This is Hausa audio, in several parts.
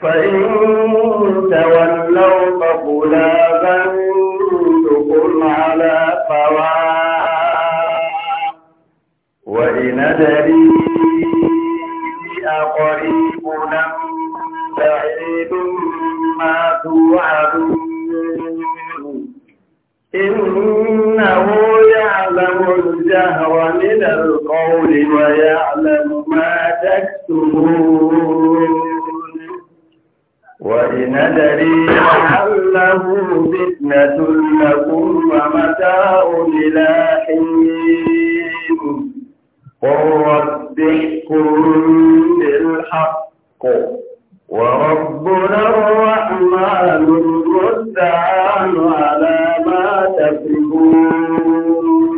فإن تولوا فقلا بنتكم على سواء وإن أدري أقريب لم بعيد ما توعدون إنه يعلم الجهر من القول ويعلم ما تكتبون وإن أدري لعله فتنة لكم ومتاع إلى حين قل رب بالحق وربنا الرحمن المستعان على ما تكذبون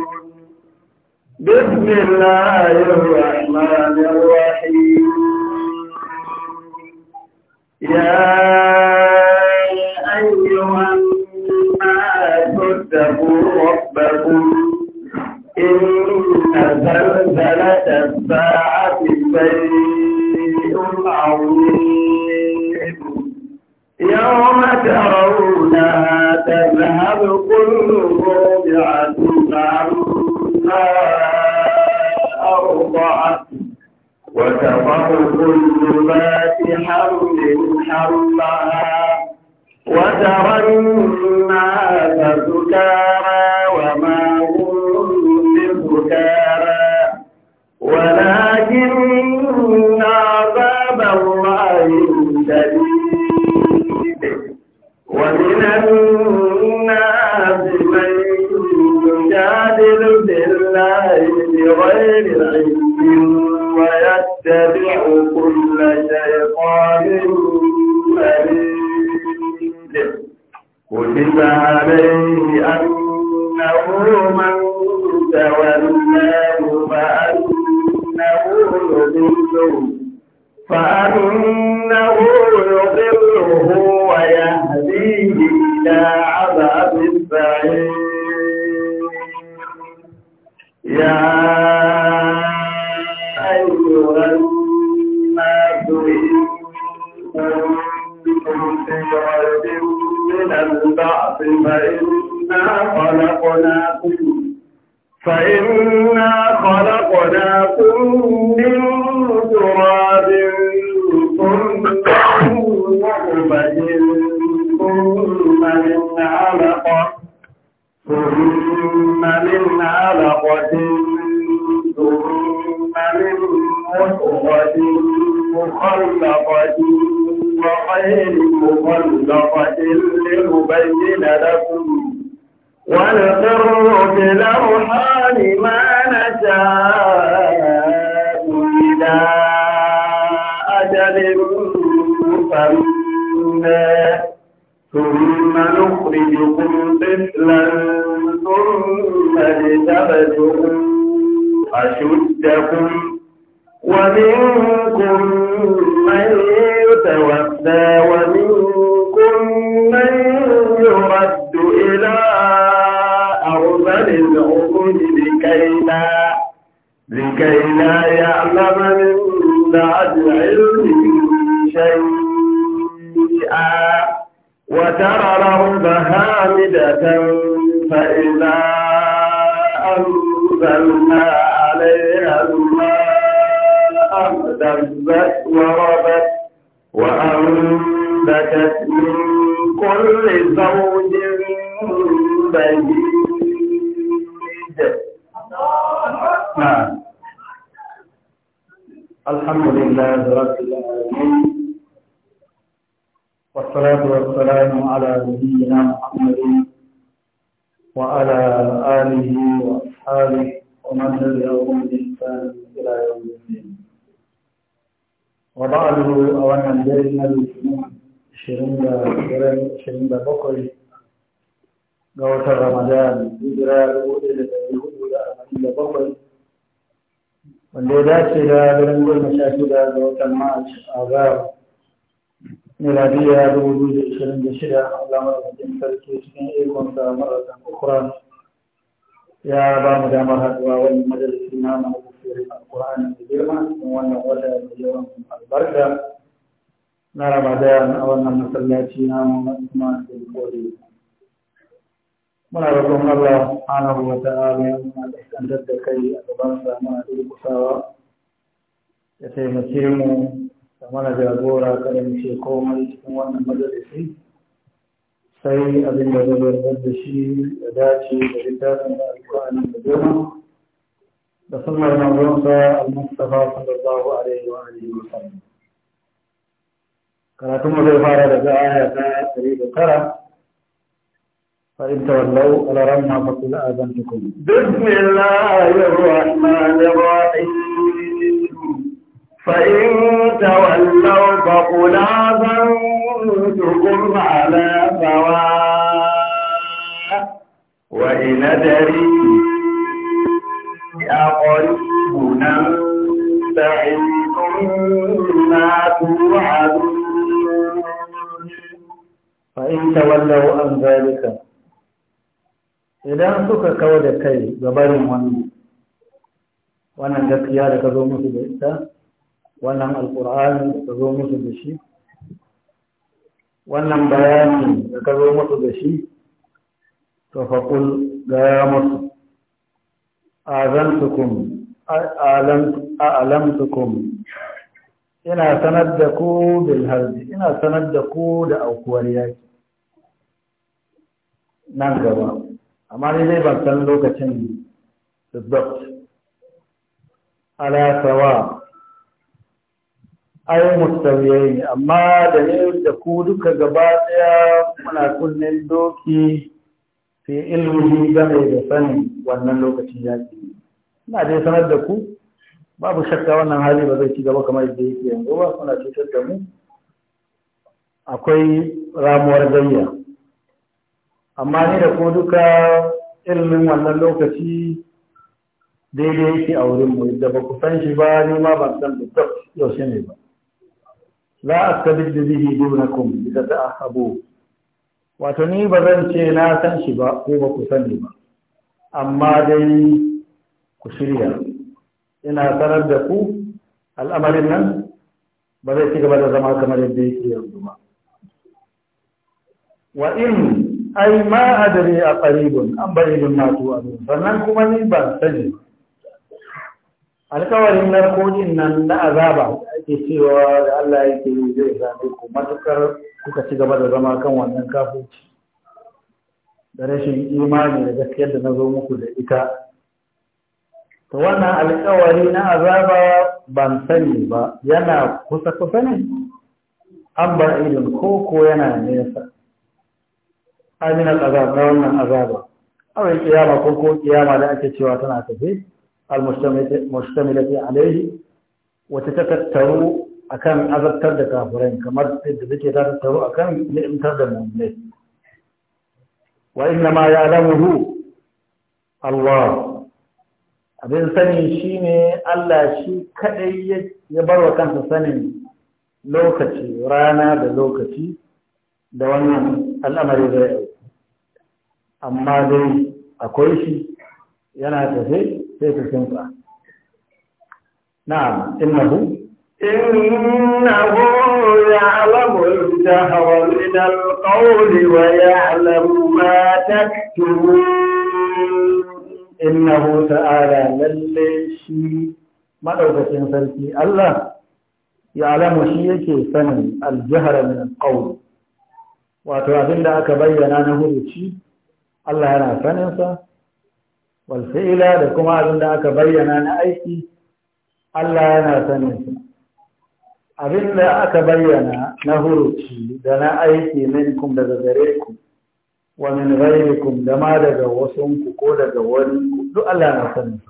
بسم الله الرحمن الرحيم يا أيها الناس اتقوا ربكم إن زلزلة الساعة شيء عظيم يوم ترونها تذهب كل مرضعة عما أرضعت وتضع كل ذات بحمد حمدا وترى الناس سكارى ومنكم من يتوفى ومنكم من يرد إلى أرض العمر لكي لا لكي لا يعلم من بعد علم شيئا وترى الأرض هامدة فإذا أنزلنا عليها الماء وتبت وربت وأنبتت من كل زوج بهيج نعم الحمد لله رب العالمين والصلاة والسلام على نبينا محمد وعلى آله وأصحابه ومن تبعهم بإحسان إلى يوم الدين وبعضه او انا مدير النبي شيرين با شيرين شيرين با غوث رمضان يجرى الوجود الذي يهود ولا امين با بوكوي وندي داش الى برنجو المشاكل غوث الماش اغا ميلادية الوجود شيرين با شيرا علامة الدين تركي شيرين اي مرة اخرى يا با مدامها دواوين tafsirin alkur'ani da girma cikin wannan wata da yawan albarka na ramadan a wannan masallaci na muhammad bin kodi muna roƙon allah subhanahu wa ta'ala ya muna kaskantar da kai a gaban sa muna durƙusawa ya taimake mu da mana jagora kada mu ce komai cikin wannan majalisi sai abin da zai da shi ya dace da littafin da alƙur'ani da girma da sunnar manzonsa al-mustafa sallallahu alaihi wa alihi wa sallam karatun mu zai fara daga aya ta 109 فإن تولوا لرمنا فقل آذنتكم بسم الله الرحمن الرحيم فإن تولوا فقل آذنتكم على سواء وإن أدري أقريب بعيد ما توعدون فإن تولوا عن ذلك idan suka kawo da kai ga barin wannan wannan gaskiya da ka zo musu da ita wannan alkur'ani da ka zo musu da shi wannan bayani da ka zo musu da shi to faƙul gaya musu a'lamtukum ina sanar da ku bil harbi ina sanar da ku da aukuwar yaki nan gaba amma ni dai ban san lokacin bizzabt ala sawa ai mustawiyai amma da ne da ku duka gaba daya muna kunnen doki sai ilmihi game da sanin wannan lokacin yaƙi ina dai sanar da ku babu shakka wannan hali ba zai ci gaba kamar yadda yake yanzu ba kuna cutar da mu akwai ramuwar gayya amma ni da ko duka ilmin wannan lokaci daidai yake a wurin mu da ba ku san shi ba ni ma ban san da tab yaushe ne ba la astadid bihi dunakum idza ta'ahabu wato ni ba zan ce na san shi ba ko ba ku sani ba amma dai ku shirya ina sanar da ku al'amarin nan ba zai ci gaba da zama kamar yadda yake yanzu ba wa in ai ma adri a qaribun an bari ma tu sannan kuma ni ban sani alkawarin narkojin nan na azaba da ake cewa da Allah yake yi zai zabe ku matukar kuka ci gaba da zama kan wannan kafirci da rashin imani da gaskiyar da na zo muku da ita to wannan alƙawari na azaba ban sani ba yana kusa kusa ne an bar idin koko yana nesa amin al'azab na wannan azaba awai kiyama ko ko kiyama da ake cewa tana tafe al-mustamilati alayhi wata ta tattaru akan azabtar da kafirai kamar da take ta tattaro akan ni'imtar da mu'minai wa inna ma ya'lamuhu Allah abin sani shine Allah shi kadai ya bar wa kansa sanin lokaci rana da lokaci da wannan al'amari zai yau amma dai akwai shi yana tafe sai ta tsinka na'am innahu إنه يعلم الجهر من القول ويعلم ما تكتمون إنه تعالى للي شيء maɗaukacin sarki Allah ya alamu shi yake sanin aljihara min alƙawar wato abinda aka bayyana na huruci Allah yana saninsa walfi'ila da kuma abinda aka bayyana na aiki Allah yana saninsa abin da aka bayyana na huruci da na aiki minkum daga gare ku wa min ghairikum da ma daga wasunku ko daga wani duk Allah na sani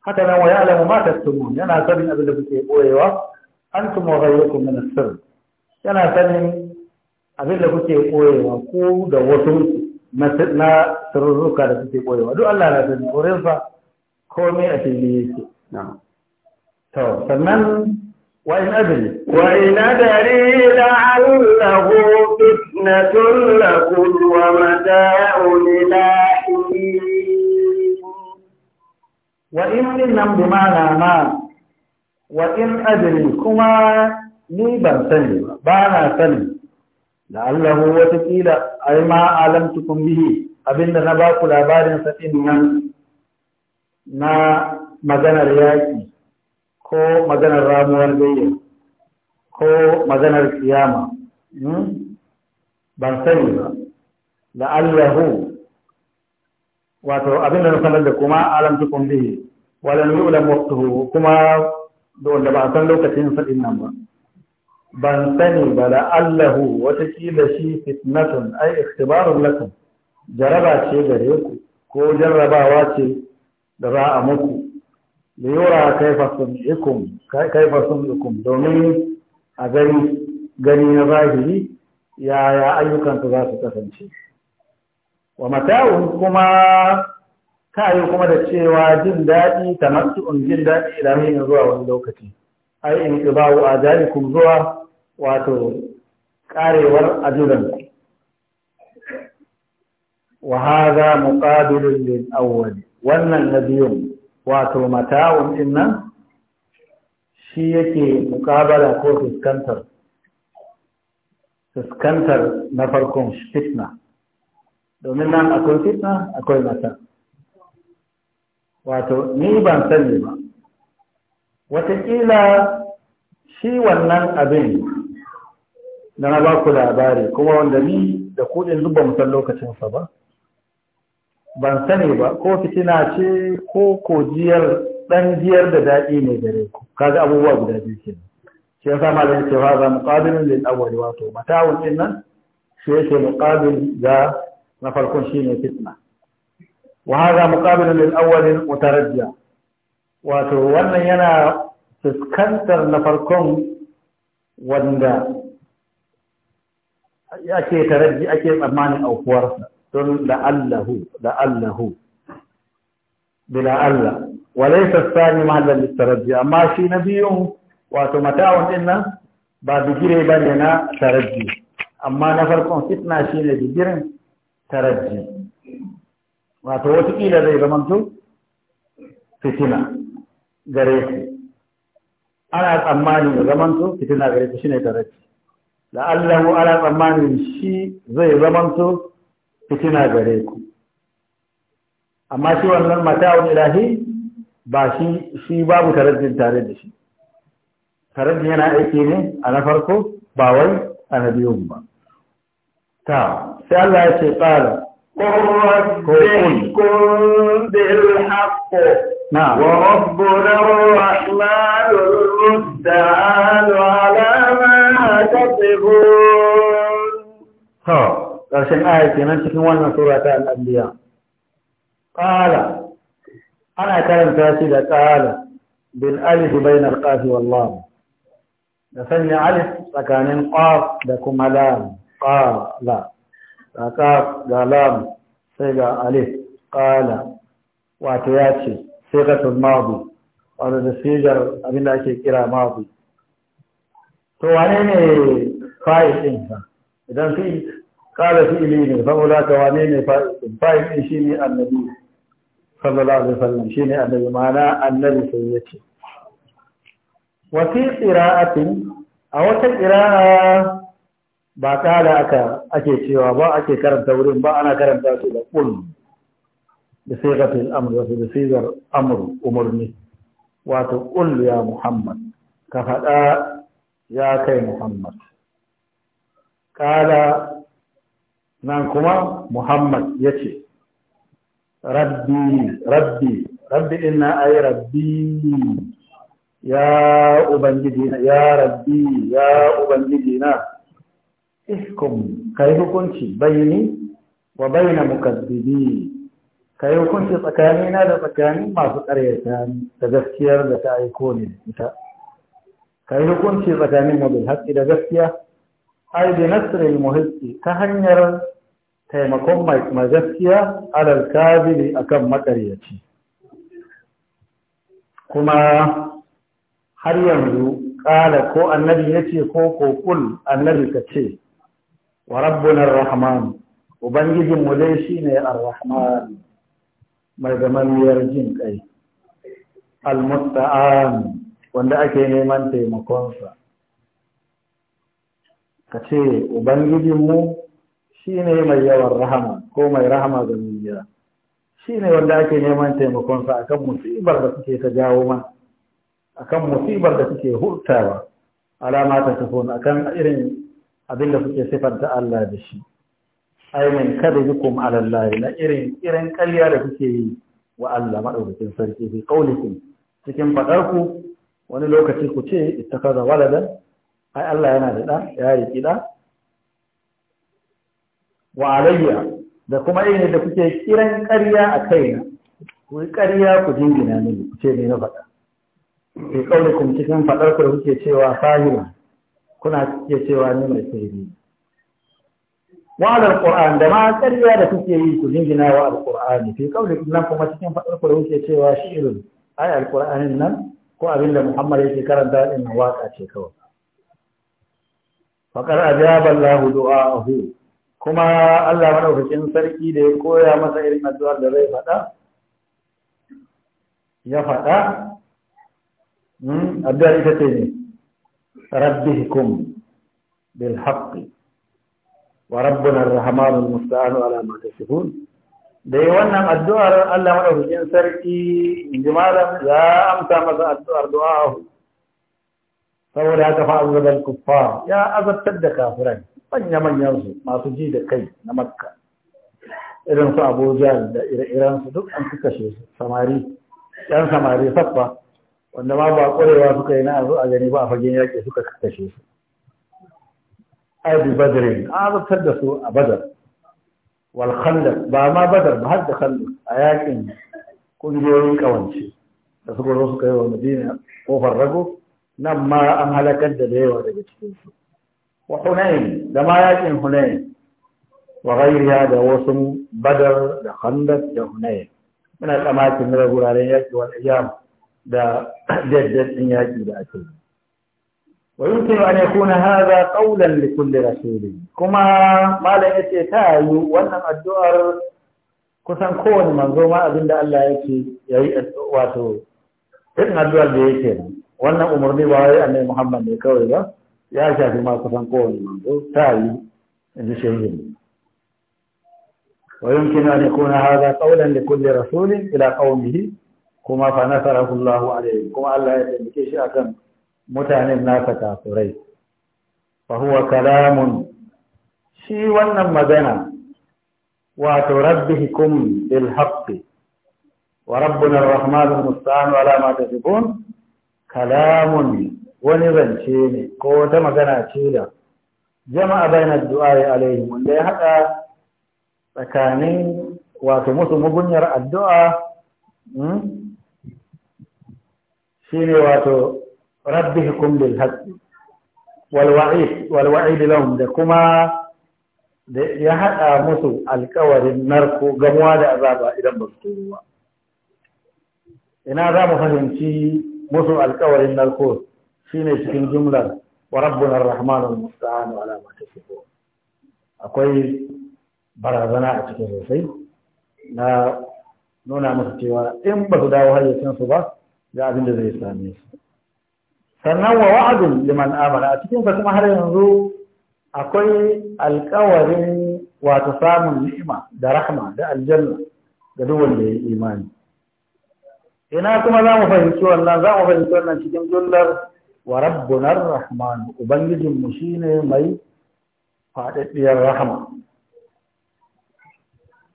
haka nan wa ya'lamu ma taktumun yana sanin abin da kuke boyewa antum wa ghairukum min as-sirr yana sanin abin da kuke boyewa ko da wasunku na sirruka da kuke boyewa duk Allah na sani korinsa komai a cikin yake na'am to sannan وإن أدري وإن أدري لعله فتنة لكم ومتاع إلى حين وإن لم بمعنى ما وإن أدري كما ni ban sani ba ba na sani la'allahu watakila ai ma alamtukum bihi abinda na ba ku labarin sa nan na maganar yaki ko maganar ramuwar gayya ko maganar kiyama hmm? ban sani ba la'allahu wato abin da na sanar da kuma alamtukum bihi walan yu'lam waqtuhu kuma da wanda ba san lokacin fadin nan ba ban sani ba la'allahu wata kila shi fitnatun ai ikhtibarun lakum jaraba ce gare ku ko jarrabawa ce da za a muku da kaifa sum'ikum kaifa domin a gani gani na zahiri yaya ayyukansu za su kasance wa mata'un kuma ta yi kuma da cewa jin daɗi ta matsu'un jin daɗi da hanyar zuwa wani lokaci ai in ba a jalikum zuwa wato ƙarewar ajulan wa haza muqabilun lil awwal wannan na biyun wato mata'un din nan shi yake mukabala ko fuskantar fuskantar na farkon fitna domin nan akwai fitna akwai mata wato ni ban sani ba watakila shi wannan abin da na ba ku labari kuma wanda ni da kudin mu musan lokacinsa ba ban sani ba ko fitina ce ko kojiyar dan jiyar da daɗi ne gare ku kaga abubuwa guda biyu ke nan. shi yasa malamin cewa za muqabilin lil awwal wato mata'un din nan shi yake muqabil ga na farkon shine fitna wa hadha muqabilun lil awwal mutaraddiya wato wannan yana fuskantar na farkon wanda ake taraji ake tsammanin aukuwarsa don la'allahu la'allahu bila Allah walaysa sani mahallan litaraji amma shi na biyun wato mata'un din nan ba bigire ne na taraji amma na farkon fitna shi ne bigirin taraji wato wata kila zai zamanto fitina gare shi ana tsammani da zamanto fitina gare shi ne taraji la'allahu ana tsammanin shi zai zamanto fitina gare ku amma shi wannan mata'un ilahi ba shi shi babu taraddin tare da shi taraddin yana aiki ne a na farko ba wai a na biyun ba ta sai Allah ya ce tsara قل بالحق نعم وربنا الرحمن المستعان على ما تصفون ƙarshen aya kenan cikin wannan sura ta al'adiyya ƙala ana karanta shi da ƙala bil alif bain al qaf wal da sanya alif tsakanin qaf da kuma lam qala da qaf da lam sai ga alif qala wato ya ce sigatul madi wato da sigar abin da ake kira madi to wane ne fa'il ɗinka idan fi kala fi'ili ne saboda ka wane ne fa'ili shi ne annabi sallallahu alaihi wasallam shi ne annabi mana annabi sai ya ce wa fi qira'atin a wata qira'a ba kala aka ake cewa ba ake karanta wurin ba ana karanta su da qul da sigatul amr wasu da sigar amr umarni wato qul ya muhammad ka faɗa ya kai muhammad kala nan kuma muhammad ya ce rabbi rabbi rabbi a yi rabbi ya ubangiji na ya rabbi ya ubangiji na ka kai hukunci bayni wa bayna ka kai hukunci tsakani na da tsakanin masu karyata da gaskiyar da ta aiko ne ita kai hukunci tsakanin mu bil haqqi da gaskiya ai bi nasri muhitti ta hanyar taimakon mai gaskiya alal kadiri akan makaryaci kuma har yanzu ƙala ko annabi ya ce ko kokul annabi ka ce wa rabbunar rahman ubangijinmu dai shi ne ar-rahman mai miyar jin kai al-musta'an wanda ake neman taimakonsa ka ce ubangijinmu shi ne mai yawan rahama ko mai rahama ga duniya shi ne wanda ake neman taimakonsa akan musibar da suke ta jawo mana akan musibar da suke hurtawa alama ta tafi akan irin abin da suke siffanta Allah da shi aimin kada yukum ala Allah na irin irin ƙarya da kuke yi wa Allah maɗaukakin sarki fi qaulikum cikin fadar ku wani lokaci ku ce ittakaza waladan ai Allah yana da ɗa ya riki ɗa wa alayya da kuma irin da kuke kiran ƙarya a kaina ku yi ƙarya ku jingina ne ku ce ne na faɗa ku kauli kuma cikin faɗar ku da kuke cewa fahima kuna kuke cewa ni mai sirri wa alquran da ma ƙarya da kuke yi ku jingina wa alquran fi kauli nan kuma cikin faɗar ku da kuke cewa irin ai alquranin nan ko abin da Muhammad yake karanta din waka ce kawai faƙar ajaban lahu du'a'ahu kuma Allah madaukakin sarki da ya koya masa irin addu'ar da zai faɗa ya faɗa hmm, addu'ar ita ce ne rabbihkum bil haqqi wa rabbuna ar-rahmanul musta'anu ala ma Da dai wannan addu'ar Allah madaukakin sarki jimalan ya amsa masa addu'ar du'a'ahu saboda haka fa azabal kuffar ya azabtar da kafirai manya manyan su masu ji da kai na makka irin su Abu da ire-iren su duk an kashe su samari yan samari sabba. wanda ma ba ƙwarewa suka yi na azu a gani ba a fagen yaƙi suka kashe su ai bi badrin an azabtar da su a badar wal ba ma badar ba har da khandaq a yaƙin kungiyoyin kawance da suka zo suka yi wa Madina kofar rago nan ma an halakar da da yawa daga cikinsu wa hunayin da ma yakin hunayin wa ghayriha da wasu badar da khandaq da hunayin muna tsamakin mura guraren yaki wal ayyam da jaddadin yaki da ake wa yumkin an kuna hadha qawlan li kulli rasul kuma malai yace ta yi wannan addu'ar kusan kowane manzo ma abinda Allah yake yayi wato irin addu'ar da yake yi wannan umarni ba wai annabi Muhammad ne kawai ba ya shafi ma kusan kowane manzo ta yi in ji shehin ويمكن أن يكون هذا قولا لكل رسول إلى قومه كما فنصره الله عليه كما الله يتبكيش أكم متعن الناس كافرين فهو كلام شي ونم مدنا وتربهكم بالحق وربنا الرحمن المستعان على ما تصفون kalamun wani zance ne ko wata magana ce da jama'a bainar du'a'i alaihi wanda ya haɗa tsakanin wato musu mugunyar addu'a hmm? ne wato rabbi hukum bil haqqi Walwa'i wa'id da kuma da ya haɗa musu alkawarin narko gamuwa da azaba idan ba su ina za mu fahimci musu alƙawarin narko shine cikin jumlar wa rabbuna rahmanul musta'an ala ma tasifun akwai barazana a cikin sosai na nuna musu cewa in ba su dawo hayyacin su ba ga abin da zai same su sannan wa wa'adun liman amana a cikin sa kuma har yanzu akwai alƙawarin wato samun ni'ima da rahma da aljanna ga duk wanda ya imani ina kuma za mu fahimci wannan za mu fahimci wannan cikin jullar wa rabbunar rahman ubangijinmu shine mai faɗaɗɗiyar rahama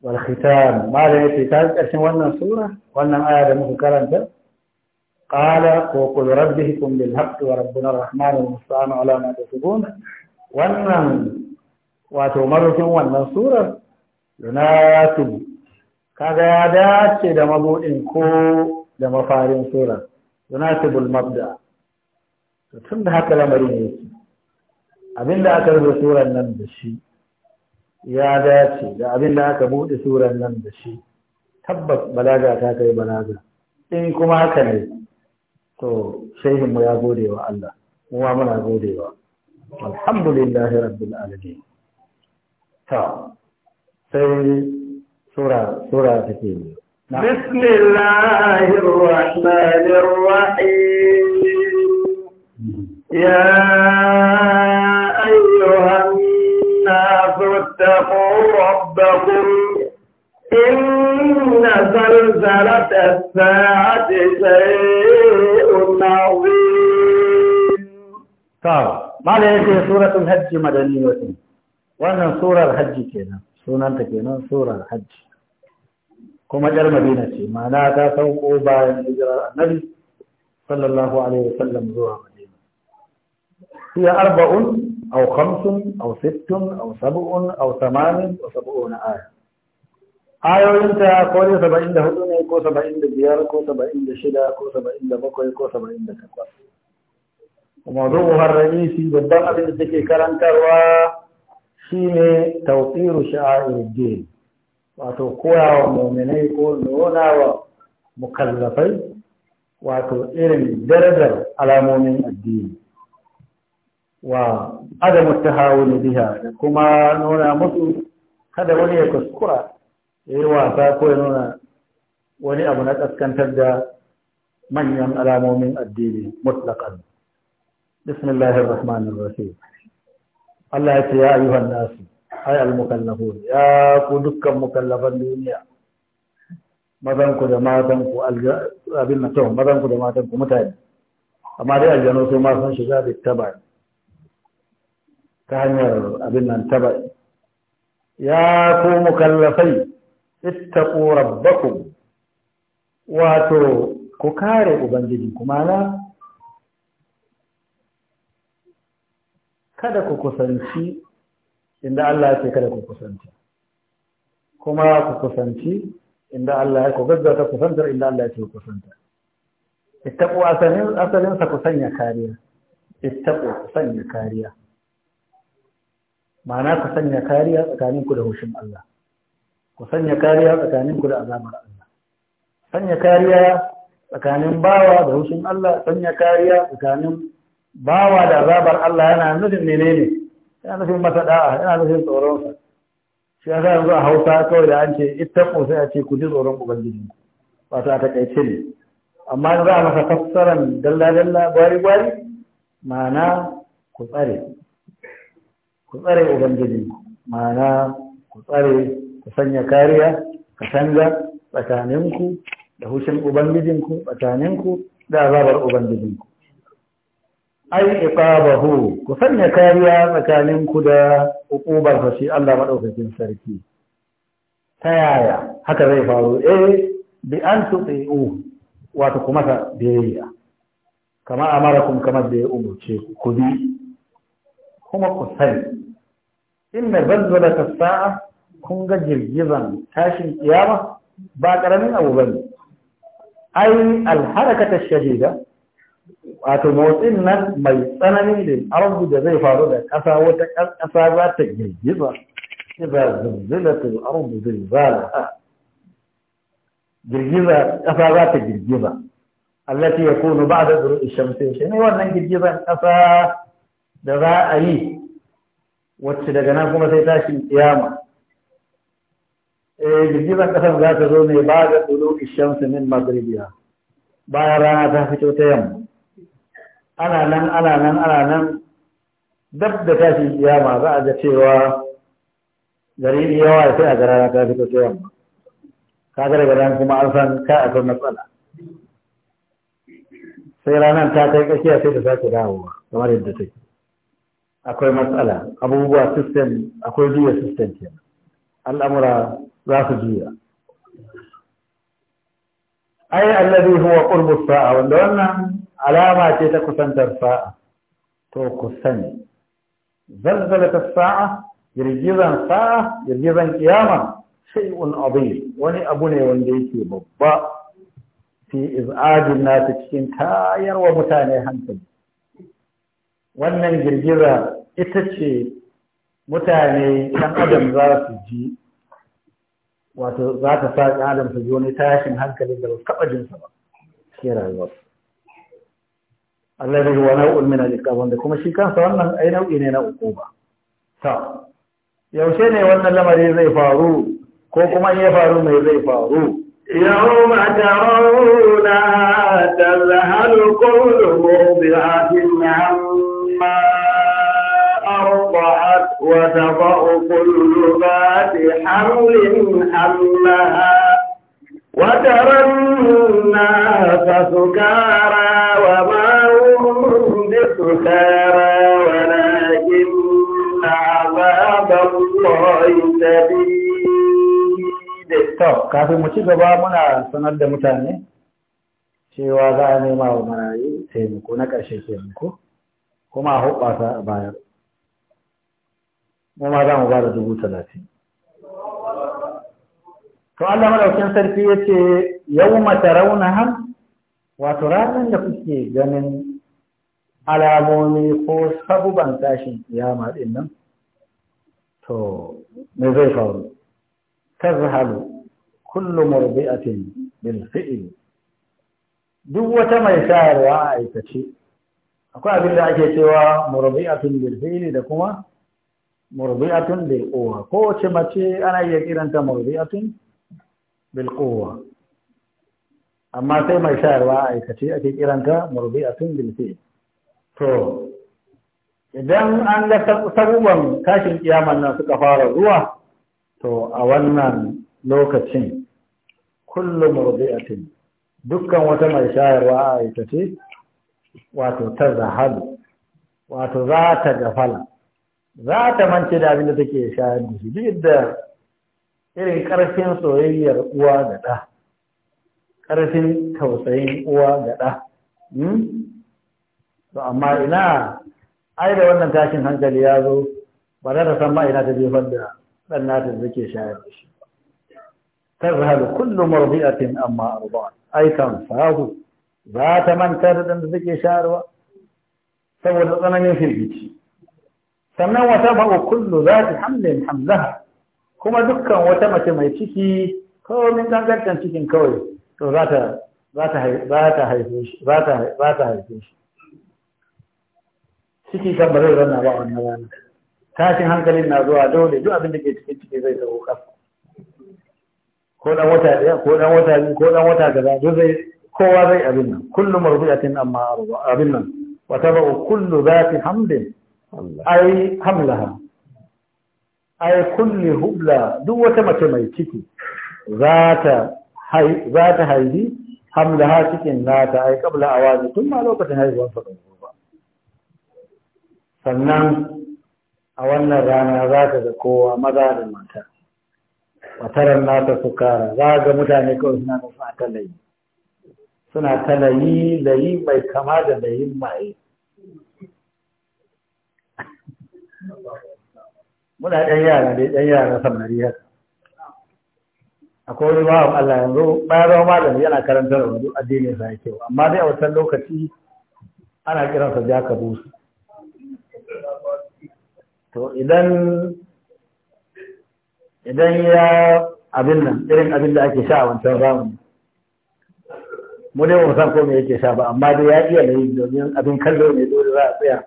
wal khitan malam yace ta ƙarshen wannan sura wannan aya da muka karanta qala wa qul rabbikum bil haqq wa rabbunar rahman al musta'an ala ma tasbun wannan wato marukin wannan surar yunatu kaga ya dace da mabudin ko da mafarin sura yunasibul mabda tun da haka lamarin yake da aka rufe suran nan da shi ya dace da abin da aka buɗe suran nan da shi tabbas balaga ta kai balaga in kuma haka ne to shehin mu ya gode wa Allah kuma muna gode wa alhamdulillah rabbil alamin ta sai sura sura take yi نعم. بسم الله الرحمن الرحيم يا أيها الناس اتقوا ربكم إن زلزلة الساعة شيء عظيم طيب ما لديه سورة الحج مدنية وانا سورة الحج كنا سورة الحج kuma yar madina ce ma'ana ta sauko bayan hijirar annabi sallallahu alaihi wasallam zuwa madina hiya arba'un aw khamsun aw sittun aw sab'un aw thamanin wa sab'una aya ayoyinta ko ne saba'in da hudu ne ko saba'in da biyar ko saba'in da shida ko saba'in da bakwai ko saba'in da takwas mazuwar ra'isi babban abin da take karantarwa shine tawfiru sha'a'ir wato koyawa muminai ko nuna wa mukallafai wato irin darajar alamomin addini wa adamu tahawuni biha da kuma nuna musu kada wani ya kuskura ya wasa ko ya nuna wani abu na kaskantar da manyan alamomin addini mutlaqan bismillahir rahmanir rahim Allah ya ce ya ayyuhan nasu hayal mukallafun ya ku dukkan mukallafan duniya mazan ku da matan ku abin na tawon mazan ku da matan ku mutane amma dai aljanu su ma sun shiga da taba ta hanyar abin nan taba ya ku mukallafai ittaqu rabbakum wato ku kare ubangiji kuma na kada ku kusanci inda Allah ya ce kada ku kusanta kuma ku kusanci inda Allah ya ku gaggauta kusantar inda Allah ya ce ku kusanta ittaqu asalin asalin sa ku sanya kariya ittaqu ku sanya kariya ma'ana ku sanya kariya tsakanin ku da hushin Allah ku sanya kariya tsakanin ku da azabar Allah sanya kariya tsakanin bawa da hushin Allah sanya kariya tsakanin bawa da azabar Allah yana nufin menene ne yana nufin masa da'a yana nufin tsoronsa shi ya yanzu a hausa kawai da an ce ittaqu sai a ce ku ji tsoron ubangiji ba ta takaice ne amma in za a masa fassaran dalla dalla gwari gwari ma'ana ku tsare ku tsare ubangiji ma'ana ku tsare ku sanya kariya ka canza tsakaninku da hushin ubangijinku tsakaninku da azabar ubangijinku ai iqabahu ku sanya kariya tsakanin ku da hukubar sa shi Allah madaukakin sarki ta yaya haka zai faru eh bi an tuti'u wato kuma ta biyayya kama amarakum kamar da ya umurce ku ku bi kuma ku sani inna zalzalata sa'a kun ga girgizan tashin kiyama ba karamin abu bane ai alharakata shahida wato motsin nan mai tsanani da arzu da zai faru da ƙasa wata ƙasa za ta girgiza إذا زلزلت الأرض زلزالها girgiza ƙasa za ta girgiza allati yakunu ba'da duru'i shamsi shi ne wannan girgizan ƙasa da za a yi wacce daga nan kuma sai tashin kiyama eh girgizan ƙasar za ta zo ne ba'da duru'i shamsi min maghribiha bayan rana ta fito ta yamma ana nan ana nan ana nan dab da tashin kiyama za a ga cewa gari yawa sai a ga rana ta fito ta yamma ka ga daga nan kuma an san ka a kan matsala sai ranar ta kai kashiya sai ta sake dawowa kamar yadda take akwai matsala abubuwa system akwai juya system ke al'amura za su juya ai allazi huwa qurbus sa'a wanda wannan alama ce ta kusantar sa'a to ku sani ta sa'a girgizan sa'a girgizan kiyama shay'un adhim wani abu ne wanda yake babba fi na nata cikin tayarwa mutane hankali wannan girgiza ita ce mutane ɗan adam za su ji wato za ta sa adam su ji wani tashin hankalin da ba su taɓa jinsa ba shi rayuwarsu الذي هو نوء من الكربون ديكو ماشي كان فانا اي نوع ايه نوع عقوبه صح يوشي ني وانا لما ري فارو كو كما يفارو ما فارو يوم ترون تذهل كل مبعث عما أرضعت وتضع كل ذات حمل حملها وترى الناس سكارى وما هم بسكارى ولكن عذاب الله شديد to kafin mu ci gaba muna sanar da mutane cewa za a nema wa marayu taimako na ƙarshe taimako kuma a hoɓasa a bayar mu ma za mu ba da dubu talatin to Allah madaukin sarki yace yawma tarawnaha wato ranar da kuke ganin alamomi ko sabuban tashin kiyama din nan to me zai faru tazhalu kullu murbi'atin bil fi'l duk wata mai shayarwa a aikace akwai abin da ake cewa murbi'atun bil fi'l da kuma murbi'atun bil uwa kowace mace ana iya kiranta murbi'atun bilkowa amma sai mai shayarwa a aikace ake kiranta tun bilfi to idan an ga sabuwan tashin kiyaman nan suka fara zuwa to a wannan lokacin kullum a tun dukkan wata mai shayarwa a aikace wato ta zahalu wato za ta gafala za ta mance da abin da take shayar da shi duk da irin ƙarfin soyayyar uwa da ɗa ƙarfin tausayin uwa da ɗa hmm? to amma ina ai da wannan tashin hankali ya zo ba za ta san ma ina ta jefar da ɗan nata da take shayar da shi kullum tazhalu a cikin amma a arba'at ai kan sahu za ta manta da ɗan da take shayarwa saboda tsananin firgici sannan wata kullum za ta hamlin hamlaha kuma dukkan wata mace mai ciki komin gangantan cikin kawai to za ta haife shi ciki kan ba zai zanna ba wannan rana tashin hankalin na zuwa dole duk abin da ke cikin ciki zai tsawo kafa ko dan wata daya ko dan wata biyu ko dan wata gaba duk zai kowa zai abin nan kullu marbiyatin amma abin nan wa tabu kullu zati hamdin ai hamlaha ai kulli hubla duk wata mace mai ciki za ta haidi hamla ha cikin nata ai kabla awani tun ma lokacin ba ɗan ba sannan a wannan rana za ta ga kowa maza da mata wataran nata sukara za ga mutane kawai suna da suna talayi suna talayi layi mai kama da layin maye muna ɗan yara da ɗan yara samari haka akwai ruwa a Allah yanzu bayan zama malami yana karantar da wani addinin sa yake amma dai a wancan lokaci ana kiransa jaka busu to idan idan ya abin nan irin abin da ake sha a wancan zamani mu dai ba mu san ko me yake sha ba amma dai ya iya nayi domin abin kallo ne dole za a tsaya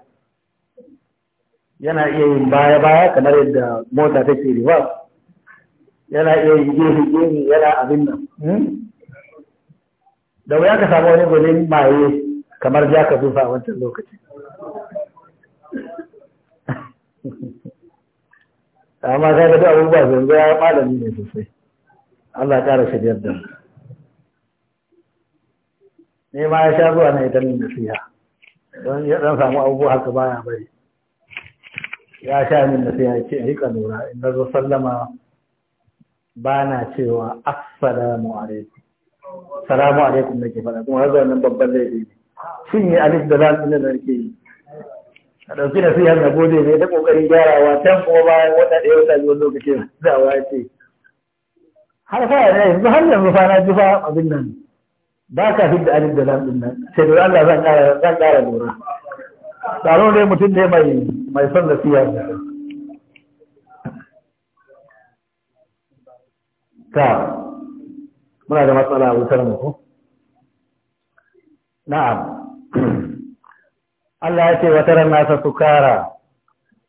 yana iya yin baya-baya kamar yadda mota ta take riwa yana iya yin gefe-gefe yana abin nan hmm? da wuya ka samu wani gudun maye kamar ja ka zufa a wancan lokaci amma da gado abubuwa zai ya malami ne sosai Allah ƙara shigar da ne ma ya sha zuwa na italin da siya don ya samu abubuwa haka baya bari ya sha min da sai ya ce rika lura in zo sallama ba na cewa assalamu alaikum salamu alaikum nake faɗa kuma har wannan babban laifi ne shin yi alif da lam din da nake yi a ɗauki da siyar na gode ne da ƙoƙarin gyarawa can kuma bayan wata ɗaya wata biyu lokacin da wa ce har fa ya yanzu har yanzu fa na ji fa abin nan ba ka fi da alif da lam din nan sai da Allah zan ƙara zan ƙara lura tsaro ne mutum ne mai son nasiya ta muna da matsala a wutar muku na'am Allah ya ce wata nasa sukara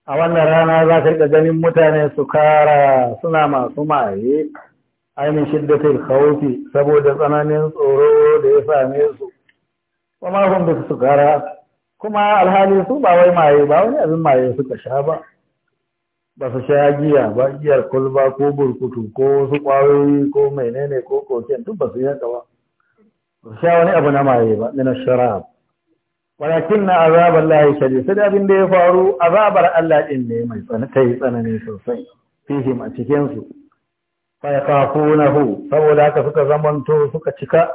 a wannan rana za ka riƙa ganin mutane sukara suna masu maye ainihin shiddatul khawfi saboda tsananin tsoro da ya same su kuma hun bi sukara kuma alhali su ba wai maye ba wani abin maye suka sha ba ba su sha giya ba giyar kulba ko burkutu ko wasu kwayoyi ko menene ko koken duk ba su yanka ba ba su sha wani abu na maye ba min sharab walakin na azabar lahi shari sai da abin da ya faru azabar Allah ɗin ne mai tsanani tsanani sosai fihim a cikin su fa yaqafunahu saboda haka suka zamanto suka cika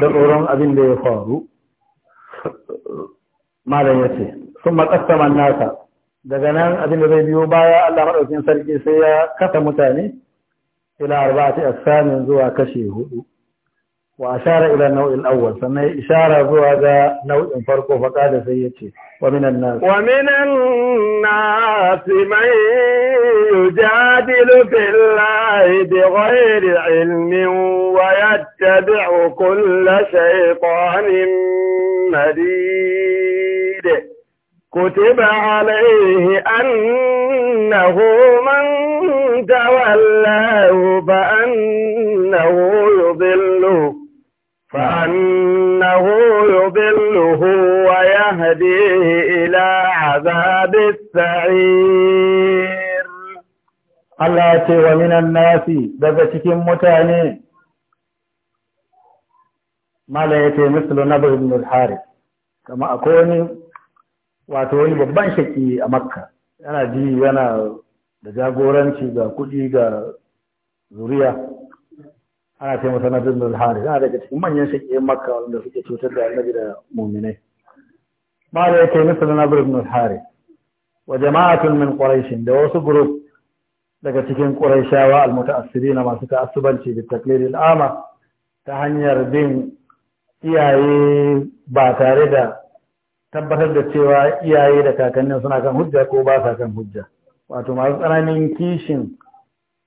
da tsoron abin da ya faru malam ya ce sun matsastama nasa daga nan abin da zai biyo baya Allah maɗaukin sarki sai ya kasa mutane ila arba'ati asamin zuwa kashe hudu wa ashara ila nau'in awwal sannan ya ishara zuwa ga nau'in farko faka da sai yace wa minan nas wa minan nas man yujadilu fillahi bighairi ilmin wa yattabi'u kulla shaytanin marid كتب عليه أنه من تولاه فأنه يضله فأنه يضله ويهديه إلى عذاب السعير الله يتوى من الناس بذلك متاني ما لا يتي مثل نبي بن الحارث كما أكوني wato wani babban shaki a makka yana ji yana da jagoranci ga kuɗi ga zuriya ana ce masa na bin hari yana daga cikin manyan shaki makka wanda suke cutar da annabi da muminai ma da yake nisa na bin hari wa jama'atun min quraishin da wasu gurub daga cikin quraishawa na masu ta'assubanci da taklidil ama ta hanyar bin iyaye ba tare da tabbatar da cewa iyaye da kakannin suna kan hujja ko ba sa kan hujja wato masu tsananin kishin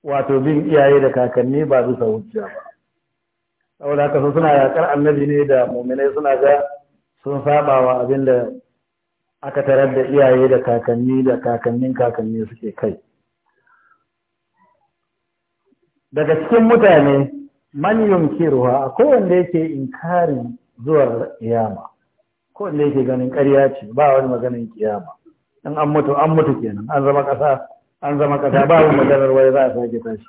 wato bin iyaye da kakanni ba bisa hujja ba saboda haka suna yakar annabi ne da muminai suna ga sun saba wa abin da aka tarar da iyaye da kakanni da kakannin kakanni suke kai daga cikin mutane man yunkiruwa akwai wanda yake inkarin zuwar iyama ko wanda yake ganin ƙarya ce ba wani maganin kiyama in an mutu an mutu kenan an zama ƙasa an zama ƙasa ba wani maganar wai za a sake tashi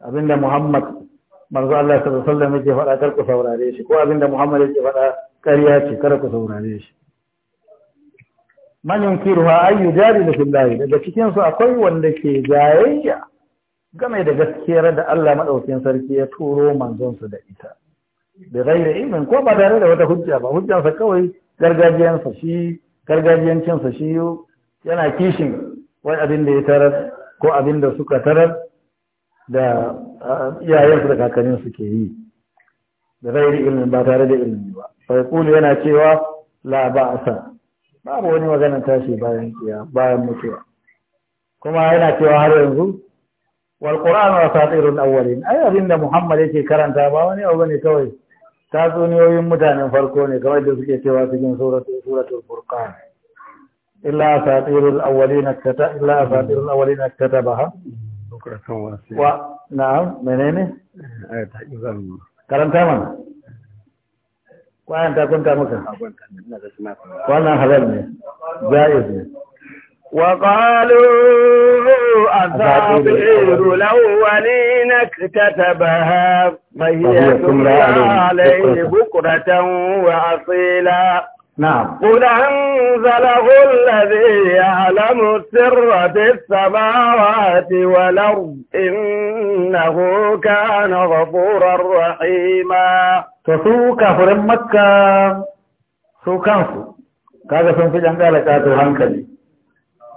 abinda Muhammad manzo Allah sallallahu alaihi wasallam yake faɗa kar ku saurare shi ko abinda Muhammad yake faɗa ƙarya ce kar ku saurare shi man yunkiruha ay yujadilu billahi daga cikin su akwai wanda ke jayayya game da gaskiyar da Allah madaukakin sarki ya turo manzon su da ita da gaira ilmin ko ba tare da wata hujja ba hujjansa kawai gargajiyansa shi gargajiyancinsa shi yana kishin wai abin da ya tarar ko abin da suka tarar da iyayensu da kakanninsu ke yi da gaira ilmin ba tare da ilmi ba faikulu yana cewa la ba'asa babu wani magana tashi bayan bayan mutuwa kuma yana cewa har yanzu wal wasa asatirul awwalin ai abinda muhammad yake karanta ba wani abu ne kawai tatsuniyoyin mutanen farko ne kamar da suke cewa cikin suratul furqan illa asatirul awwalin kata illa asatirul awwalin baha. wa na'am menene karanta mana kwayan ta kunta maka wannan halal ne jaiz ne وقالوا أساطير الأولين اكتتبها فهي تملى عليه بكرة وأصيلا نعم قل أنزله الذي يعلم السر في السماوات والأرض إنه كان غفورا رحيما فسوك فرمك سوكانسو كذا سنفجان ذلك هذا هنكلي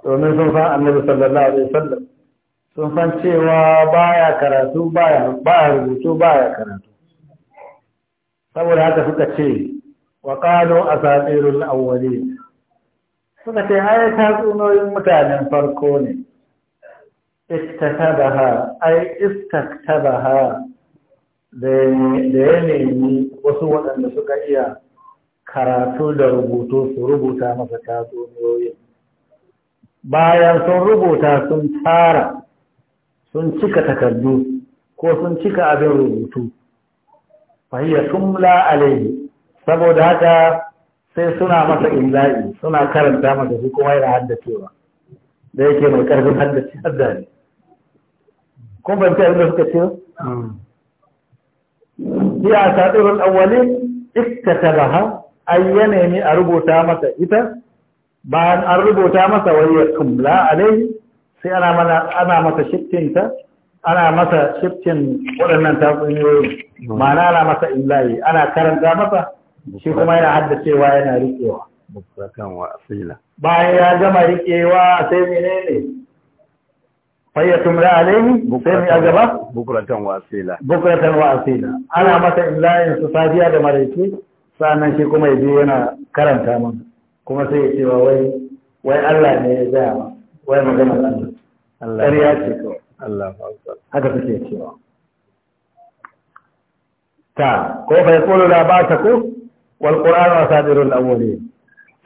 domin sun san annabi sallallahu alaihi wasallam sun san cewa baya karatu baya baya rubutu baya karatu saboda haka suka ce wa qalu asatirul awwalin suka ce ai tatsunoyin mutanen farko ne iktatabaha ai istaktabaha da ya nemi wasu waɗanda suka iya karatu da rubutu su rubuta masa tatsuniyoyin bayan sun rubuta sun tara sun cika takardu ko sun cika abin rubutu fahiyar tumla alaihi saboda haka sai suna masa inzai suna karanta masa su kuma yana haddacewa da yake mai karfin haddace haddari kun fahimta abin da suka ce ya a sadirin wani ikka ta baha ai ya a rubuta masa ita bayan an rubuta masa wayar kumla alai sai ana mana ana masa shifting ta ana masa shifting waɗannan tatsuniyoyi ma'ana ana masa illahi ana karanta masa shi kuma yana haddacewa yana riƙewa bayan ya gama riƙewa sai menene fayyatum la alaihi sai mai agaba Bukuratan wa asila Bukuratan wa asila ana masa illahin su safiya da maraice sannan shi kuma ya je yana karanta mana kuma sai ya cewa wai wai Allah ne ya zaya ma wai magana Allah ya ce kawai Allah haka suke cewa ta ko fa yaqulu la ba'taku wal qur'anu asadirul awwalin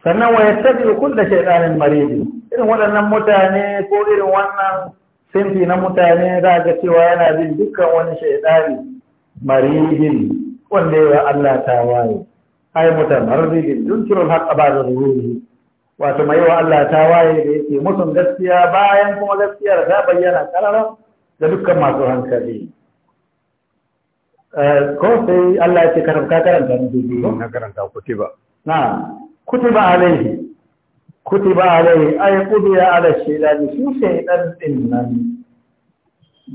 sannan wa yattabi'u kullu shaytanin marid irin waɗannan mutane ko irin wannan sinfi na mutane za ga cewa yana bin dukkan wani shaydani maridin wanda ya Allah ta waye ai mutamarridin yunkirul haqqa ba'da zuhurihi wato mai wa Allah ta waye da yake musun gaskiya bayan kuma gaskiyar ta bayyana karara da dukkan masu hankali ko sai Allah ya ce karanta karanta ne ko na karanta kutiba na kutiba alaihi kutiba alaihi ay qudiya ala shaytan su shaytan din nan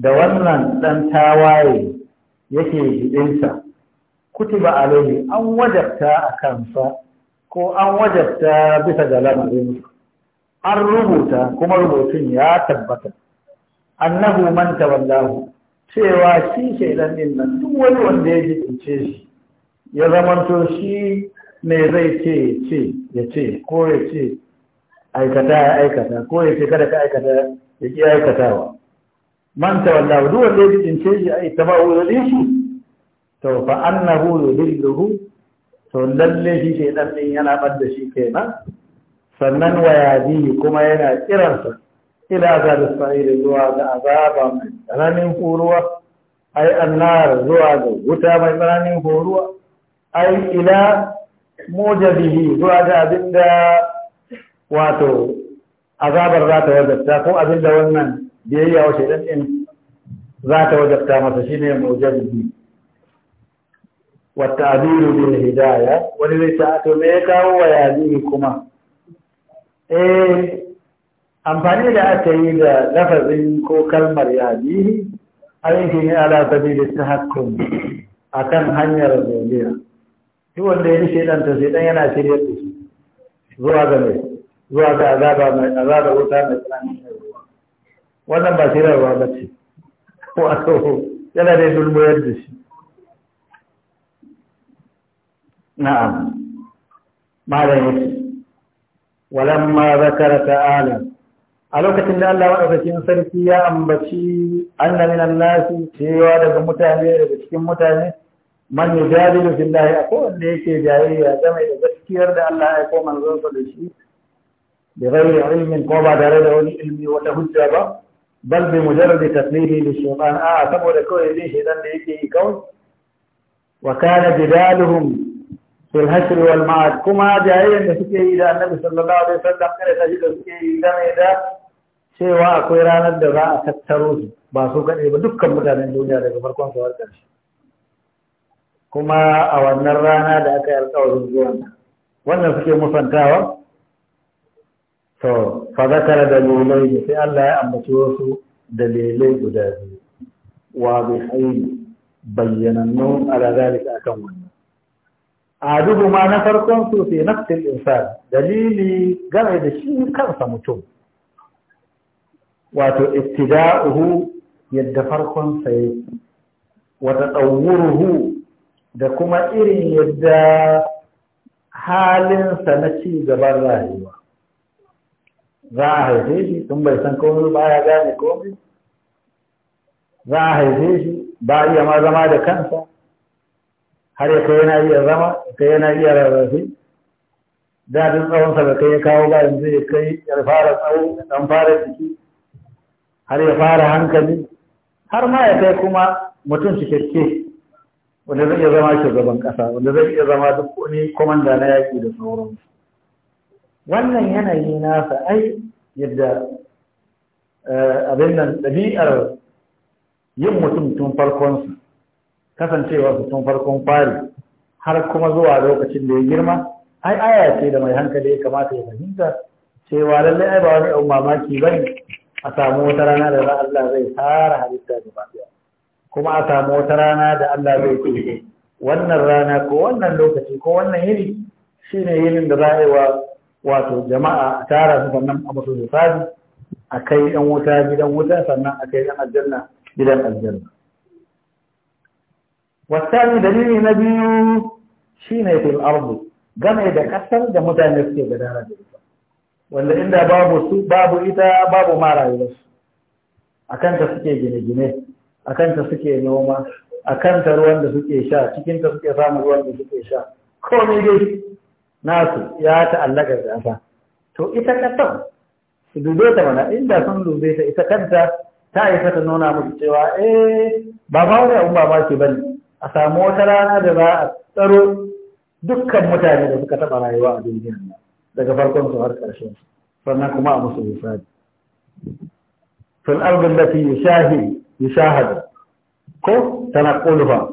da wannan dan tawaye yake hidinsa Kutuba alaihi an wajabta a kansa ko an wajabta bisa ga lamarin an rubuta kuma rubutun ya tabbata annahu man tawallahu cewa shi shaidan din nan duk wani wanda ya jibince shi ya zamanto shi ne zai ce ce ya ce ko ya ce aikata ya aikata ko ya ce kada ka aikata ya ki aikatawa man tawallahu duk wanda ya jibince shi a ita ba wuri shi to fa annahu yudilluhu to lalle shi dan din yana bar da shi kenan sannan wayadihi kuma yana kiransa ila azab sa'ir zuwa ga azaba mai ranin horuwa ai annar zuwa ga wuta mai ranin horuwa ai ila mujabihi zuwa ga abinda wato azabar za ta wajabta ko abinda wannan biyayya wa shaidan din za ta wajabta masa shine mujabihi Wani والتعبير بالهداية kawo wa ويهديه kuma? eh amfani da aka yi da lafazin ko kalmar yadihi ayin shi ne ala sabili a akan hanyar zuriya shi wanda ya nishe dan ta sai ɗan yana shirye da shi zuwa ga mai zuwa ga azaba mai azaba wuta mai tsanani wannan ba shirarwa ba ce ko a yana da dulmuyar da shi na'am malam yake walamma zakara ta'ala a lokacin da Allah madaukakin sarki ya ambaci anna minan nasi cewa daga mutane daga cikin mutane man yujadilu a akwai wanda yake a game da gaskiyar da Allah ya aiko manzon sa da shi da ghairi ilmin ko ba tare da wani ilmi wata hujja ba bal bi mujarrad taslihi li shaytan a saboda kawai zai shaytan da yake yi kawai wa kana jidaluhum fil wal ma'ad kuma jayayyan da suke yi da annabi sallallahu alaihi wasallam kare ta da suke yi mai da cewa akwai ranar da za a tattaro su ba su kaɗai ba dukkan mutanen duniya daga farkon su har kuma a wannan rana da aka yi alƙawarin wanda wannan suke musantawa to fa zakara dalilai sai Allah ya ambaci wasu dalilai guda biyu wa bi hayy bayyanannu ala zalika akan wannan adubu ma na farkon su fi nafsil insan dalili game da shi kansa mutum wato ibtida'uhu yadda farkon sa yi wa tadawwuruhu da kuma irin yadda halinsa na ci gaban rayuwa za a haife shi tun bai san komai ba ya gane komai za a haife shi ba iya ma zama da kansa har ya kai yana iya zama kai yana iya rarrafi da duk tsawon sa kai ya kawo ba yanzu ya kai ya fara tsawo dan fara jiki har ya fara hankali har ma ya kai kuma mutum cikakke wanda zai iya zama shugaban kasa wanda zai iya zama duk wani komanda na yaki da sauran wannan yanayi nasa ai yadda eh, abin nan ɗabi'ar yin mutum tun farkonsa kasancewa su tun farkon fari har kuma zuwa lokacin da ya girma ai aya ce da mai hankali ya kamata ya fahimta cewa lallai ai ba wani 'yan mamaki ba ne a samu wata rana da za Allah zai tsara halitta da ɗaya kuma a samu wata rana da Allah zai ce wannan rana ko wannan lokaci ko wannan yini shine yinin da za a yi wa wato jama'a a tara su sannan a musu a kai ɗan wuta gidan wuta sannan a kai ɗan aljanna gidan aljanna wasani dalili na biyu shine fil ardi game da kasar da mutane suke gudana da ita wanda inda babu su babu ita babu ma rayuwarsu akan ta suke gine-gine akan ta suke noma akan ta ruwan da suke sha cikin suke samun ruwan da suke sha komai dai nasu ya ta'allaka da to ita kasar su dube ta mana inda sun dube ta ita kanta ta isa ta nuna musu cewa eh ba ma wani abun ba ba ce a samu wata rana da za a tsaro dukkan mutane da suka taɓa rayuwa a duniya daga farkon su har ƙarshen sannan kuma a musu misali fil ardin fi yushahi yushahadu ko tanaquluha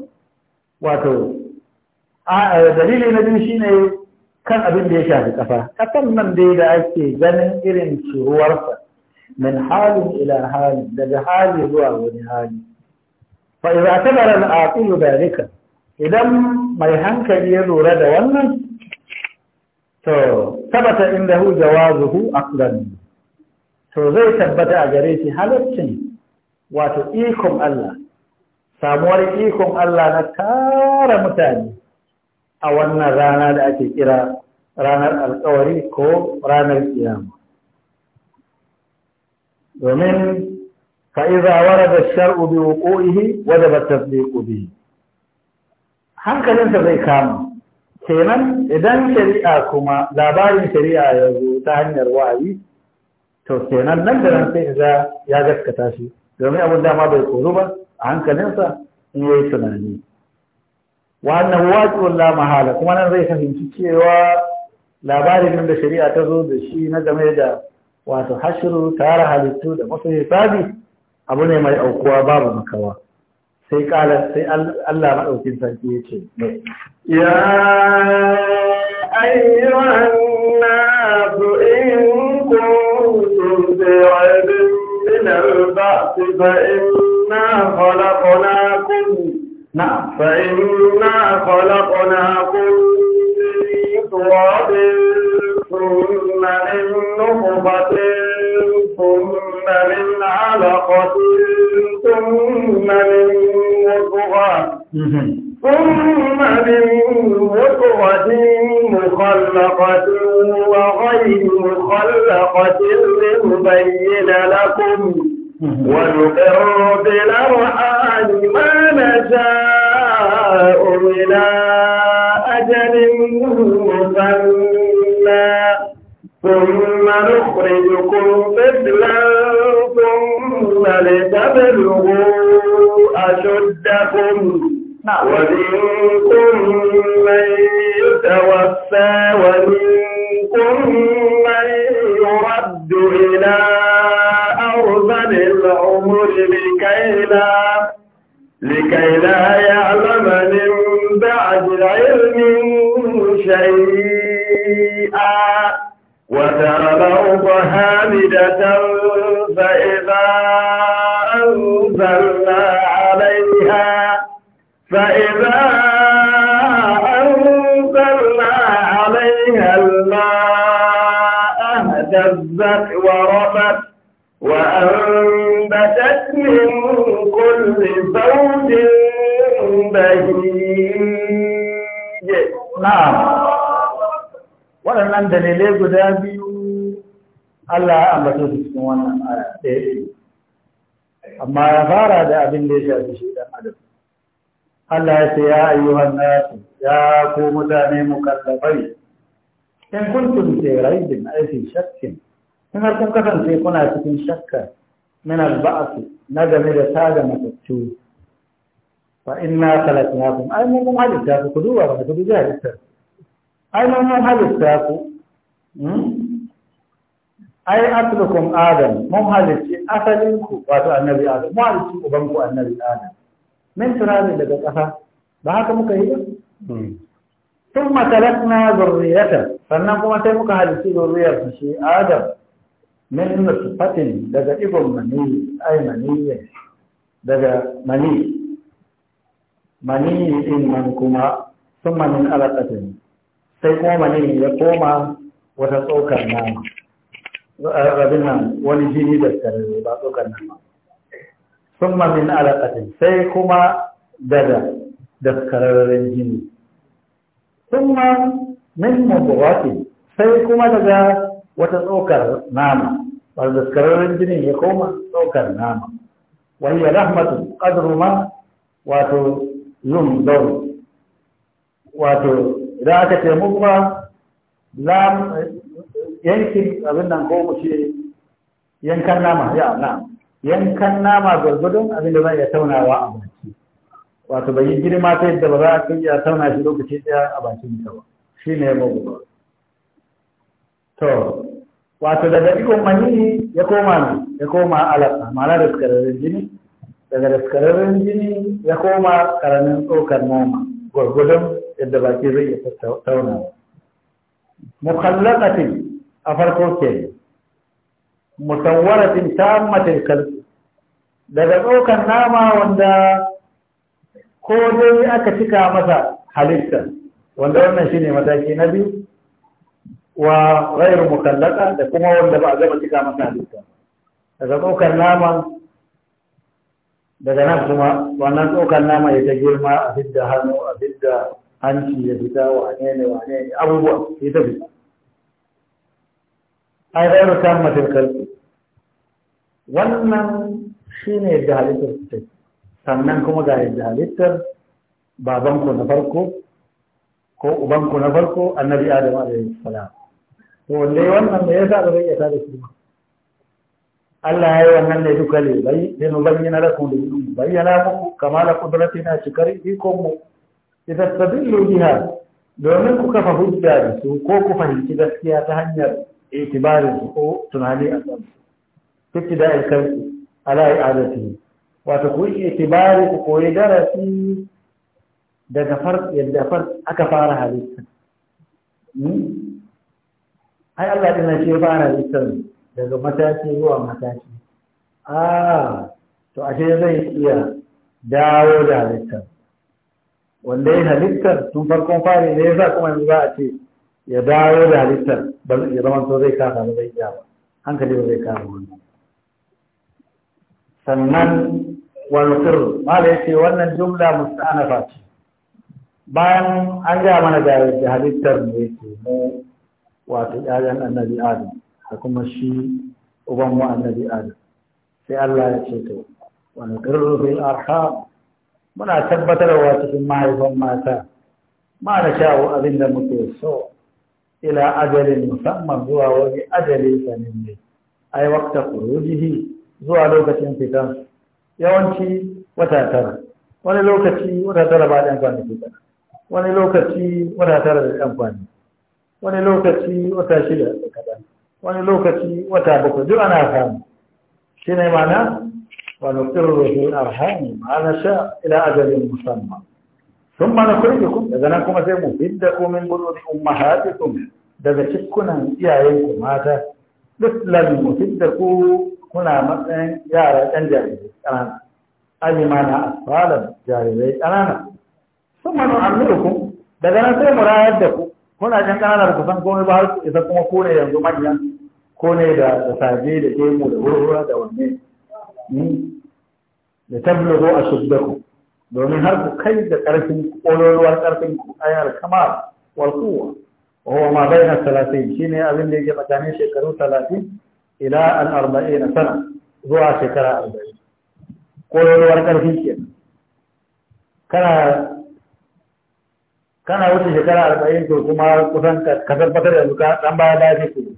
wato a dalili na biyu shine kan abin da ya shafi kafa kafan nan dai da ake ganin irin ciruwarsa min halin ila halin daga hali zuwa wani hali fa idza tabara al-aqil dalika idan mai hankali ya lura da wannan to tabata indahu jawazuhu aqlan to zai tabbata a gare shi halaccin wato ikon Allah samuwar ikon Allah na tara mutane a wannan rana da ake kira ranar alkawari ko ranar kiyama domin فإذا ورد الشرع بوقوعه وجب التصديق به hankalinsa zai kama kenan idan shari'a kuma labarin shari'a ya zo ta hanyar wa'ayi to kenan nan da nan sai ga ya gaskata shi domin abin dama bai koru ba a hankalinsa in yayi tunani wannan waqi'ul la mahala kuma nan zai fahimci cewa labarin nan da shari'a ta zo da shi na game da wato hashiru tara halittu da masu hisabi abu ne mai aukuwa babu makawa sai kala sai Allah maɗaukin sarki ya ce ya ayyuhan nasu in kuntum fi raibin min al-ba'th fa inna khalaqnakum na'am fa inna khalaqnakum min turabin Gracias. guda biyu Allah ya ambace su cikin wannan aya ɗaya eh. amma ya fara da abin da ya shafi shi dan adam Allah ya ce ya ayyuhan nasu ya ku mutane mu mukallabai in kuntum fi raibin ay fi shakkin in har kun kasance kuna cikin shakka min al-ba'th na game da tada matattu fa inna khalaqnakum ay mun halitta ku duba ba ku duba halitta ai mun halitta ku Hmm? ai atlukum adam mun halicci asalin ku wato annabi adam mun halicci uban ku annabi adam min turabi daga ƙasa ba haka muka yi ba hmm. tun makalakna zurriyata sannan kuma sai muka halicci zurriyar shi adam min nutfatin daga ibon mani ai mani daga mani mani in man kuma sun manin alaƙatin sai kuma mani ya koma wata tsokar nama rabin nan wani jini da sarari ba tsokar nama sun mamin alaƙatin sai kuma daga daskararren jini sun ma min mabuwaki sai kuma daga wata tsokar nama ba daskararren jini ya koma tsokar nama wani ya rahmatu ƙadru ma wato yin dauru wato idan aka ce mu kuma Eh, yankin abin nan ko mu ce yankan nama ya na yankan nama gurgudun abin da za iya taunawa a baki wato bai yi girma ta yadda ba za a iya tauna shi lokaci daya a bakin ta ba shi ne ya mabuwa to wato daga ikon manini ya koma ya koma alaƙa ma'ana da skararren jini daga da skararren jini ya koma karamin tsokar nama gurgudun yadda baki zai iya taunawa mukallaqatin a farko ke musawwaratin tammatil kalb daga tsokan nama wanda ko dai aka cika masa halitta wanda wannan shine mataki na biyu wa ghairu mukallaqa da kuma wanda ba a zama cika masa halitta daga tsokan nama daga nan kuma wannan tsokan nama ya ta girma a fidda hannu a fidda hanci ya fita wane ne wane ne abubuwa ya tafi ai da yaro kan matar karfi wannan shi ne yadda halittar su sannan kuma ga yadda halittar babanku na farko ko ubanku na farko annabi adam alaihi salam to wanda yi wannan ya yasa da zai iya da shi Allah ya yi wannan ne duka ne bai ne bayyana bai yana muku kamala qudratina cikar iko mu litastadillu biha domin ku kafa hujja da su ko ku fahimci gaskiya ta hanyar itibarin su ko tunani a kan su da alkalci ala i'adati wato ku yi itibari ku koyi darasi daga far yadda far aka fara halitta hmm? ai Allah shi ya fara halittar daga mataki zuwa mataki ah to ashe zai iya dawo da halittar wanda ya halittar tun farkon fari ne sa kuma yanzu za a ce ya dawo da halittar ya zama to zai kasa ba zai iya ba hankali ba zai kasa wannan sannan walfir mala ya ce wannan jumla musta'anafa ce bayan an gaya mana da halittar ne yake mu wato ƴaƴan annabi adam da kuma shi uban mu annabi adam sai Allah ya ce to wani ƙirrufin arha muna tabbatarwa cikin mahaifan mata mana da abin da muke so ila ajalin musamman zuwa wani ajali sanin ne yi wakta kurujihi zuwa lokacin fitan yawanci wata tara wani lokaci wata tara ba ɗan kwanaki ba wani lokaci wata tara da ɗan kwanaki wani lokaci wata shida da kaɗan wani lokaci wata bakwai duk ana samu shi ne mana ونقر في الأرحام ما نشاء إلى أجل مسمى ثم نخرجكم إذا نكم زي مبدك من بلود أمهاتكم إذا شكنا يا إنكم هذا مثل المبدك هنا مثلا يا رجل جاري أنا أي معنى أطفال جاري أنا ثم نعملكم إذا نسي مرايدكم هنا جنتنا نرقصان كوني بحرس إذا كوني ينزو مجيان كوني دا سعجي دا جيمو دا ورورا دا ورمين ni da tablago a shuddaku domin har ku kai da ƙarfin ƙololuwar ƙarfin ku ayar kamar wa quwwa wa huwa ma talatin shi shine abin da yake tsakanin shekaru talatin ila al na sana zuwa shekara arba'in ƙololuwar ƙarfi ke kana kana wuce shekara arba'in to kuma kusan ka tabbatar da duka dan baya da ku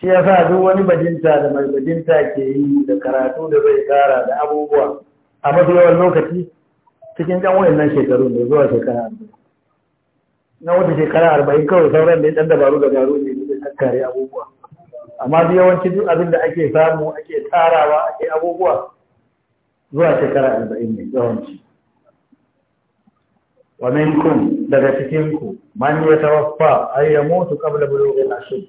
shi ya sa duk wani bajinta da mai bajinta ke yi da karatu da zai kara da abubuwa a mafi yawan lokaci cikin jan nan shekaru ne zuwa shekara arba'in na wata shekara arba'in kawai sauran da ya ɗan dabaru da garu ne da kakkare abubuwa amma duk yawanci duk abin da ake samu ake tarawa ake abubuwa zuwa shekara arba'in ne yawanci wa minkum daga cikinku man yatawaffa ay yamutu qabla bulughi al-ashid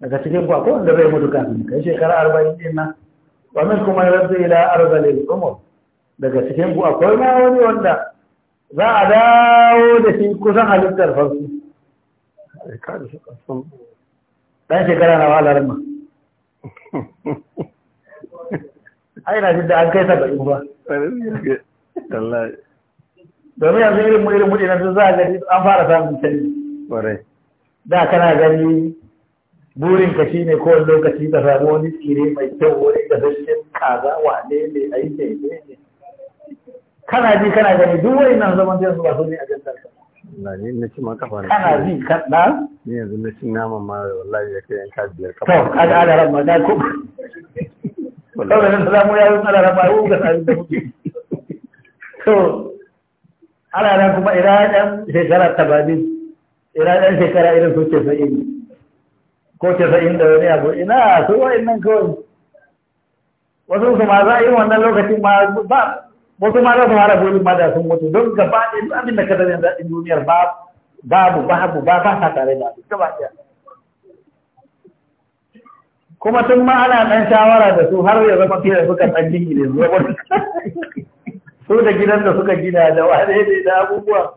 daga cikin ku akwai wanda bai mutu kafin kai shekara arba'in din nan wa min kuma yarzu ila arzalil umur daga cikin ku akwai ma wani wanda za a dawo da shi kusan halittar farko dan shekara na wahalar ma ai na jidda an kai saba'in ba domin yanzu irin mu irin mu dinan sun za a gani an fara samun canji da kana gani burin ka shine kowane lokaci ka samu wani tsire mai kyau wani gasashen kaza wane ne ai ne ne kana ji kana gani duk wani nan zaman sai su ba su ne a jantar ka wallahi na ci ma kafa kana ji ka ni yanzu na ci naman ma wallahi ya kai yanka biyar kafa to ka ga da da ko saboda nan salamu ya yi tsara ramma ko ka sai da kuke to ala nan kuma ira dan shekara 70 ira dan shekara irin su ce sai ko casa'in da wani abu ina su wa'in nan kawai wasu su ma za a yi wannan lokacin ma ba wasu ma za su fara bolin ma da sun mutu don gaba ɗaya duk abin da ka zane daɗin duniyar ba babu babu ba ba sa tare da abin gaba ɗaya kuma tun ma ana ɗan shawara da su har ya zama fiye da suka ɗan gini ne zuwa su da gidan da suka gina da wane ne da abubuwa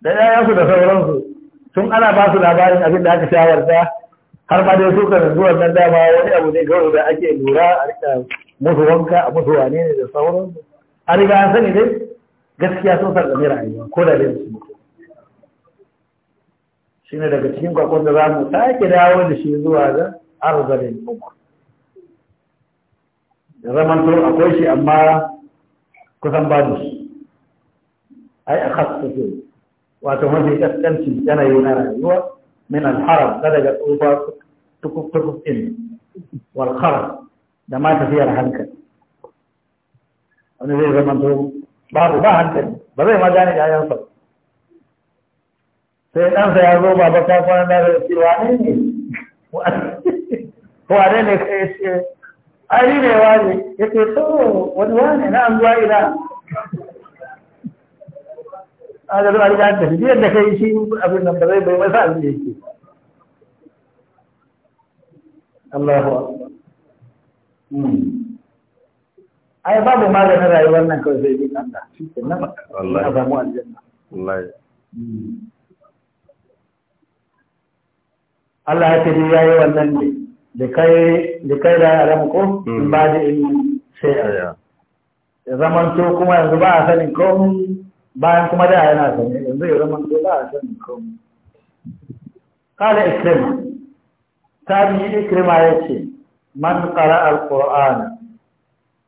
da 'ya'yansu da sauransu tun ana ba su labarin abin da aka shawarta har ma dai su kan zuwa nan dama wani abu ne kawai da ake lura a rika musu wanka a musu wane ne da sauran a riga an sani dai gaskiya sun sarƙami rayuwa ko da dai su mutu shi ne daga cikin kwakwan da za mu sake dawo da shi zuwa ga arzalin umar da zaman to akwai shi amma kusan babu ai a kasu وتمضي تستمشي جنة يونان أيوة من الحرب درجة أوبا تكف تكف إن والخرب ده ما تفيه الحنكة أنا زي زمان تقول بعض ما حنكة بدي ما جاني جاي أصلا سيدنا سيدنا أبو بابا كان فانا نرى سيواني وأنا نكيش أيني واجي يكتو ونواني نعم جوائي نعم a da zuwa riga tafi biyar da kai shi abin nan ba zai bai masa abin da yake Allahu hmm. ai babu maganin rayuwar nan kawai sai bin Allah shi ke nan a samu aljanna hmm. Allah ya tafi ya wannan ne da kai da alamu ko hmm. in ba da ilmi sai a zamanto kuma yanzu ba a sanin komai bayan kuma da yana sane yanzu ya zama ko ba a sanin komai kala ikrima tabi ikrima ce. man qara alquran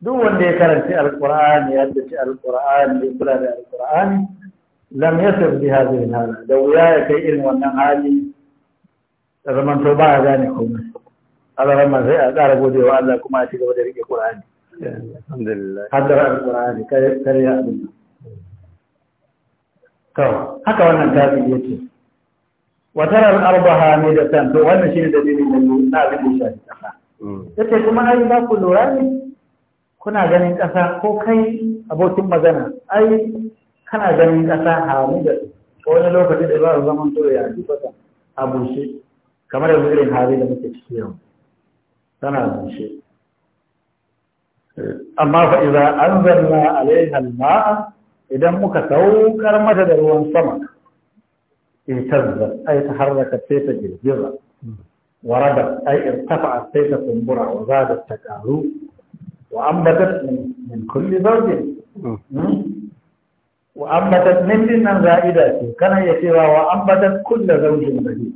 duk wanda ya karanta alquran ya dace alquran ya kula da alquran lam yasir bi hadhihi alhala da wuya ya kai irin wannan hali da zaman to ba ya gane komai Allah rahma sai a ƙara godewa Allah kuma a ci gaba da rike Qur'ani alhamdulillah haddara alqur'ani kare kare abin kawai haka wannan tafi ya ce watarar arbaha ne da san to wannan shi ne da da na abin da shafi kasa mm. yace kuma ai ba ku lura ne kuna ganin kasa ko kai abokin magana ai kana ganin kasa hamu da wani lokaci da ba zaman to ya ji fata a bushe kamar yanzu irin hali da muke ciki yau tana bushe eh. amma fa idza anzalna alaiha al idan muka saukar mata da ruwan sama ihtazza ay taharrakat sai ta girgiza warada ay irtafa sai ta kumbura wa zada ta karu wa ambatat min kulli zawjin wa ambatat min dinnan za'ida ce kana ya cewa wa ambatat kulli zawjin bari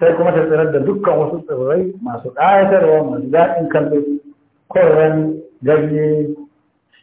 sai kuma ta tsara da dukkan wasu tsirrai masu ƙayatarwa masu daɗin kalbi koren ganye